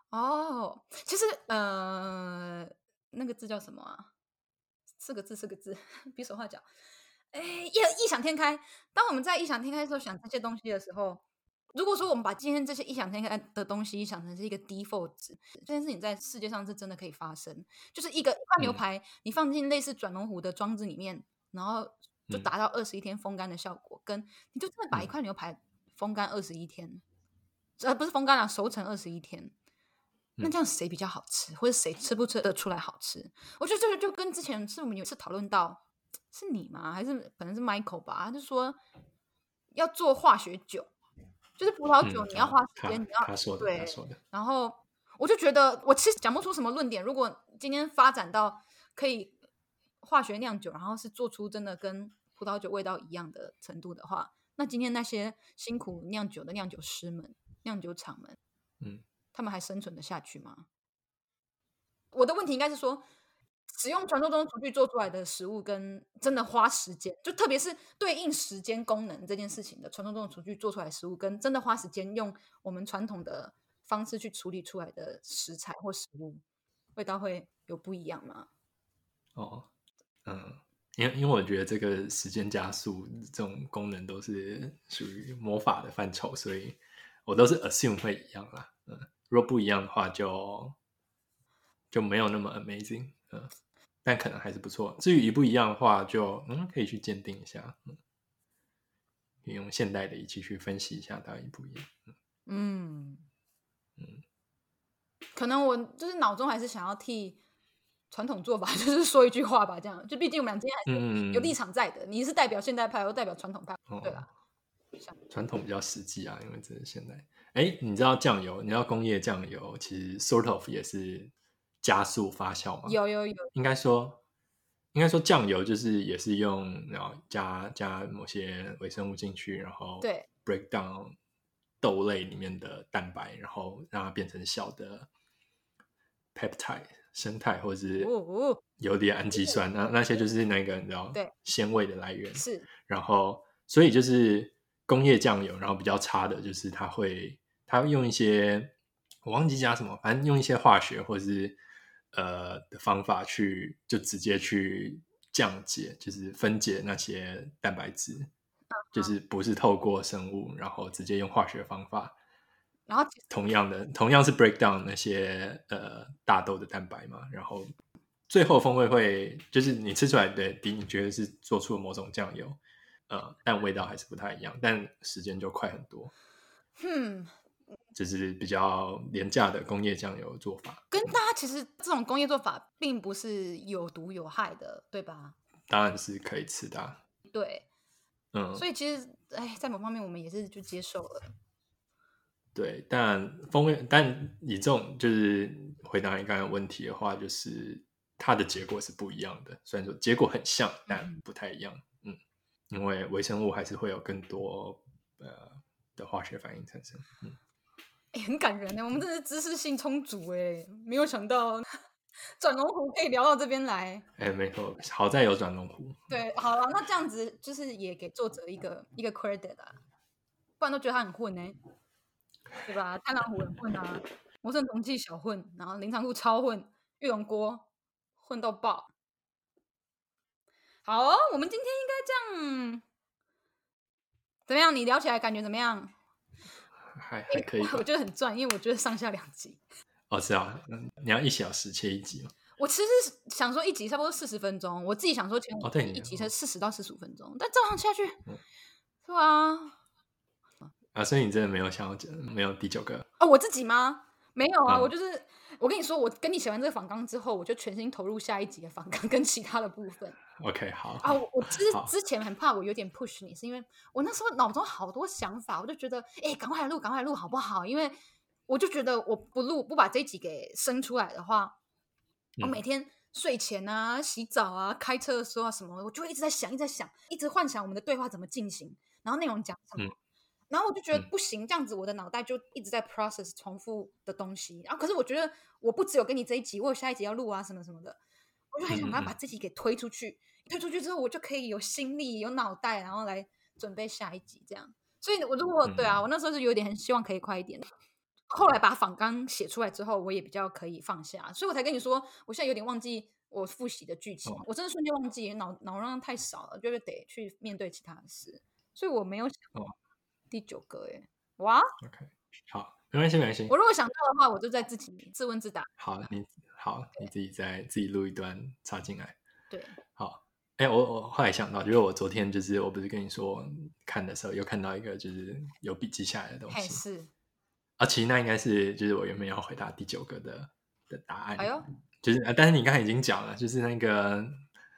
哦、 oh,，其實呃，那個字叫什麼啊？四個字，四個字，比手畫腳。哎，異想天開。當我們在異想天開的時候想這些東西的時候如果說我們把今天這些異想天開的東西想成是一個 default 值，這件事情在世界上是真的可以發生，就是一個一塊牛排，你放進類似轉龍壺的裝置裡面，嗯、然後就達到二十一天風乾的效果，跟你就真的把一塊牛排風乾二十一天，而、嗯啊、不是風乾了、啊、熟成二十一天、嗯，那這樣誰比較好吃，或者誰吃不吃得出來好吃？我覺得就是就跟之前是我們有一次討論到，是你嗎？還是可能是 Michael 吧？他就說要做化學酒。就是葡萄酒，你要花時間，嗯、你要，你要，要對要，然後我就覺得，我其實講不出什麼論點。如果今天發展到可以化學釀酒，然後是做出真的跟葡萄酒味道一樣的程度的話，那今天那些辛苦釀酒的釀酒師們、釀酒廠們，嗯，他們還生存得下去嗎？我的問題應該是說。使用傳說中廚具做出來的食物，跟真的花時間，就特別是對應時間功能這件事情的，傳說中的廚具做出來食物，跟真的花時間用我們傳統的方式去處理出來的食材或食物，味道會有不一樣嗎？哦，嗯，因為因為我覺得這個時間加速這種功能都是屬於魔法的範疇，所以我都是 assume 會一樣啦。嗯，若不一樣的話就，就就沒有那麼 amazing。嗯。但可能還是不錯。至於一不一樣的話就，就嗯，可以去鑑定一下，以、嗯、用現代的儀器去分析一下當然，一不一樣。嗯嗯，可能我就是腦中還是想要替傳統做法，就是說一句話吧，這樣，就畢竟我們倆今天還是有，、嗯、有立場在的。你是代表現代派，又代表傳統派。哦、對啦。傳統比較實際啊，因為這是現代。哎、欸，你知道醬油，你知道工業醬油，其實 sort of 也是。加速發酵嘛？有有有，應該說，應該說醬油就是也是用，然後加加某些微生物進去，然後對 break down 豆類裡面的蛋白，然後讓它變成小的 peptide 生態或者是有點氨基酸，哦哦、那那些就是那個你知道對鮮味的來源是。然後所以就是工業醬油，然後比較差的就是它會它會用一些我忘記加什麼，反正用一些化學或者是。呃，的方法去就直接去降解，就是分解那些蛋白質，uh -huh. 就是不是透過生物，然後直接用化學方法，然後、uh -huh. 同樣的，同樣是 break down 那些呃大豆的蛋白嘛，然後最後風味會就是你吃出來的，你覺得是做出了某種醬油，呃，但味道還是不太一樣，但時間就快很多。嗯、hmm.。就是比較廉價的工業醬油做法，跟大家其實這種工業做法並不是有毒有害的，對、嗯、吧？當然是可以吃的。對，嗯。所以其實，哎，在某方面我們也是就接受了。對，但風味，但你這種就是回答你剛剛問題的話，就是它的結果是不一樣的。雖然說結果很像，但不太一樣。嗯，嗯因為微生物還是會有更多呃的化學反應產生。嗯。也、欸、很感人呢，我們真的知識性充足哎，沒有想到轉龍湖可以聊到這邊來。哎、欸，沒錯，好在有轉龍湖。對，好了，那這樣子就是也給作者一個一個 credit 啦，不然都覺得他很混哎， 對吧？太狼虎很混啊，魔神同器小混，然後林長庫超混，玉龍鍋混到爆。好、哦，我們今天應該這樣，怎麼樣？你聊起來感覺怎麼樣？還還可以，我覺得很賺，因為我覺得上下兩集。哦，是啊，嗯、你要一小時切一集嗎？我其實想說一集差不多四十分鐘，我自己想說切一集才四十到四十五分鐘、哦，但照樣下去，是、嗯、吧、啊？啊，所以你真的沒有想要講沒有第九個啊、哦？我自己嗎？沒有啊，嗯、我就是。我跟你說，我跟你寫完這個訪綱之後，我就全心投入下一集的訪綱跟其他的部分。OK，好啊，我之之前很怕我有點 push 你，是因為我那時候腦中好多想法，我就覺得，哎、欸，趕快錄，趕快錄，好不好？因為我就覺得我不錄，不把這集給生出來的話，我、嗯、每天睡前啊、洗澡啊、開車的時候、啊、什麼，我就會一直在想，一直在想，一直幻想我們的對話怎麼進行，然後內容講什麼。嗯然後我就覺得不行，嗯、這樣子我的腦袋就一直在 process 重複的東西。然、啊、後可是我覺得我不只有跟你這一集，我有下一集要錄啊什麼什麼的，我就還想把它把自己給推出去。嗯嗯嗯，推出去之後，我就可以有心力、有腦袋，然後來準備下一集這樣。所以，我如果對啊，我那時候是有點很希望可以快一點。嗯嗯，後來把訪綱寫出來之後，我也比較可以放下，所以我才跟你說，我現在有點忘記我複習的劇情、哦，我真的瞬間忘記，腦腦容量太少了，就是得去面對其他的事，所以我沒有想過。哦第九個耶，哇，OK，好，沒關係，沒關係。我如果想到的話，我就在自己自問自答。好，你好，你自己再自己錄一段插進來。對，好，哎、欸，我我後來想到，就、okay. 是我昨天就是我不是跟你說看的時候，又看到一個就是有筆記下來的東西。是，啊，其實那應該是就是我原本要回答第九個的的答案。哎呦，就是、啊、但是你剛才已經講了，就是那個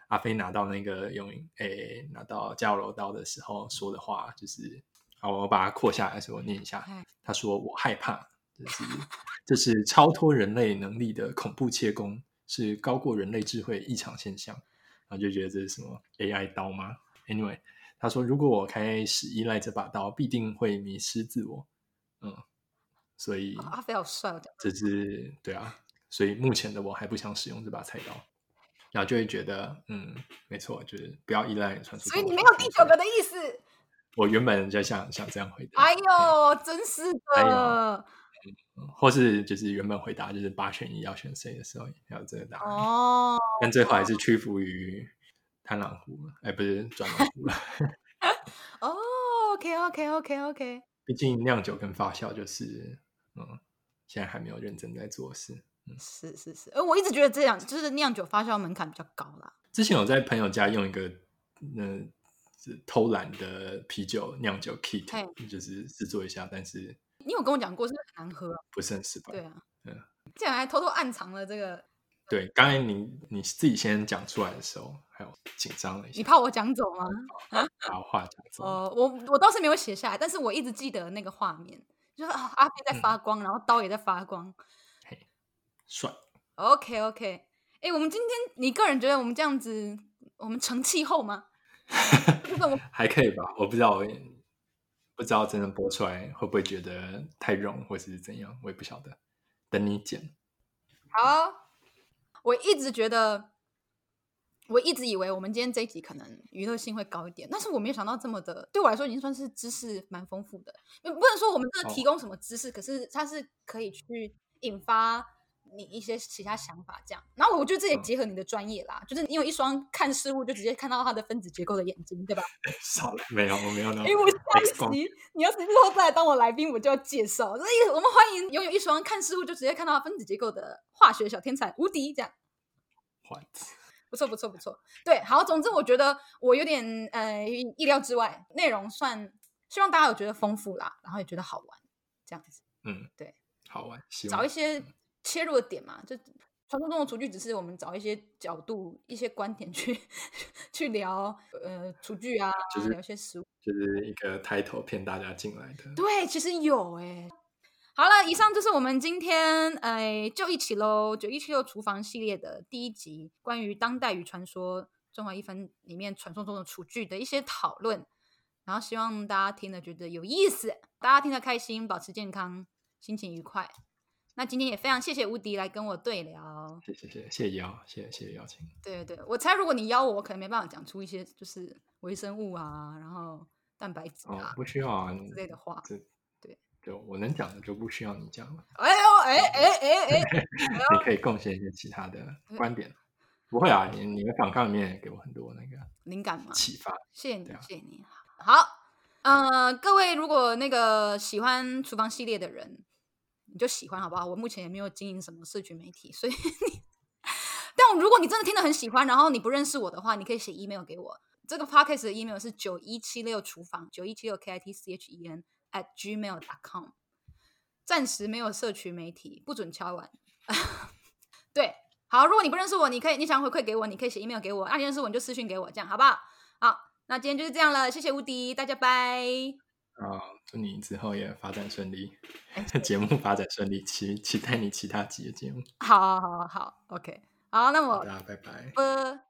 阿飛拿到那個用誒、欸、拿到迦樓羅刀的時候說的話，就是。我把它擴下來的時候我念一下。他說：“我害怕，這是這是超脫人類能力的恐怖切工，是高過人類智慧異常現象。”然後就覺得這是什麼 AI 刀嗎？Anyway，他說：“如果我開始依賴這把刀，必定會迷失自我。”嗯，所以阿飛好帥，這是對啊。所以目前的我還不想使用這把菜刀。然後就會覺得，嗯，沒錯，就是不要依賴傳說。所以你沒有第九個的意思。我原本在想想這樣回答，哎呦，嗯、真是的、哎嗯！或是就是原本回答就是八選一要選誰的時候的，要這樣答哦，但最後還是屈服於貪狼湖，哎、欸，不是轉狼湖了。 哦，OK OK OK OK，畢竟釀酒跟發酵就是嗯，現在還沒有認真在做事。嗯，是是是，欸、我一直覺得這樣就是釀酒發酵門檻比較高啦。之前我在朋友家用一個嗯。偷懶的啤酒釀酒 kit，hey, 就是製作一下，但是你有跟我講過，是很難喝，啊，不是很失敗，對啊，嗯，竟然還偷偷暗藏了這個。對，剛、嗯、才你你自己先講出來的時候，還有緊張了一下，你怕我講走嗎？把、啊啊、話講走哦，呃，我我倒是沒有寫下來，但是我一直記得那個畫面，就是、啊、阿斌在發光、嗯，然後刀也在發光，帥、hey,。OK OK，哎、欸，我們今天你個人覺得我們這樣子，我們成氣候嗎？ 還可以吧，我不知道，我也不知道真的播出來會不會覺得太冗，或是怎樣，我也不曉得。等你剪。好，我一直覺得，我一直以為我們今天這一集可能娛樂性會高一點，但是我沒有想到這麼的，對我來說已經算是知識蠻豐富的。不能說我們這提供什麼知識，哦，可是它是可以去引發。你一些其他想法這樣，那我就覺得這也結合你的專業啦，嗯、就是你有一雙看事物就直接看到它的分子結構的眼睛，對吧？少了沒有，我沒有呢。 因為我下期你，你要是之後再來當我來賓，我就要介紹，所以我們歡迎擁有一雙看事物就直接看到分子結構的化學小天才無敵這樣。 不錯，不錯，不錯。對，好，總之我覺得我有點呃意料之外，內容算希望大家有覺得豐富啦，然後也覺得好玩這樣子。嗯，對，好玩，希望找一些。切入的點嘛，就傳說中的廚具，只是我們找一些角度、一些觀點去去聊，呃，廚具啊，就是聊一些食物，就是一個 title 騙大家進來的。對，其實有哎、欸。好了，以上就是我們今天哎、呃、就一起嘍，九一七六廚房系列的第一集，關於當代與傳說中華一番裡面傳說中的廚具的一些討論。然後希望大家聽了覺得有意思，大家聽得開心，保持健康，心情愉快。那今天也非常謝謝吳迪來跟我對聊，謝謝謝謝邀謝謝謝謝邀請。對對，我猜如果你邀我，我可能沒辦法講出一些就是微生物啊，然後蛋白質啊，哦、不需要啊之類的話。對對，就，就我能講的就不需要你講了。哎呦、哦、哎哎哎哎，哎， 哎，你可以貢獻一些其他的觀點。哎、不會啊，你你的訪談裡面也給我很多那個靈感嘛啟發。謝謝你、啊、謝謝你。好，嗯、呃，各位如果那個喜歡廚房系列的人，你就喜歡好不好？我目前也沒有經營什麼社群媒體，所以你，但我如果你真的聽得很喜歡，然後你不認識我的話，你可以寫 email 給我。這個 podcast 的 email 是九一七六廚房九一七六 kitchen at gmail dot com。暫時沒有社群媒體，不准敲碗。 對，好，如果你不認識我，你可以你想回饋給我，你可以寫 email 給我。那你認識我你就私訊給我，這樣好不好？好，那今天就是這樣了，謝謝無敵，大家拜拜。好、哦，祝你之後也發展順利，節、欸、 目發展順利，期期待你其他幾個節目。好，好，好，好，好，OK。好，那我、啊、拜拜。呃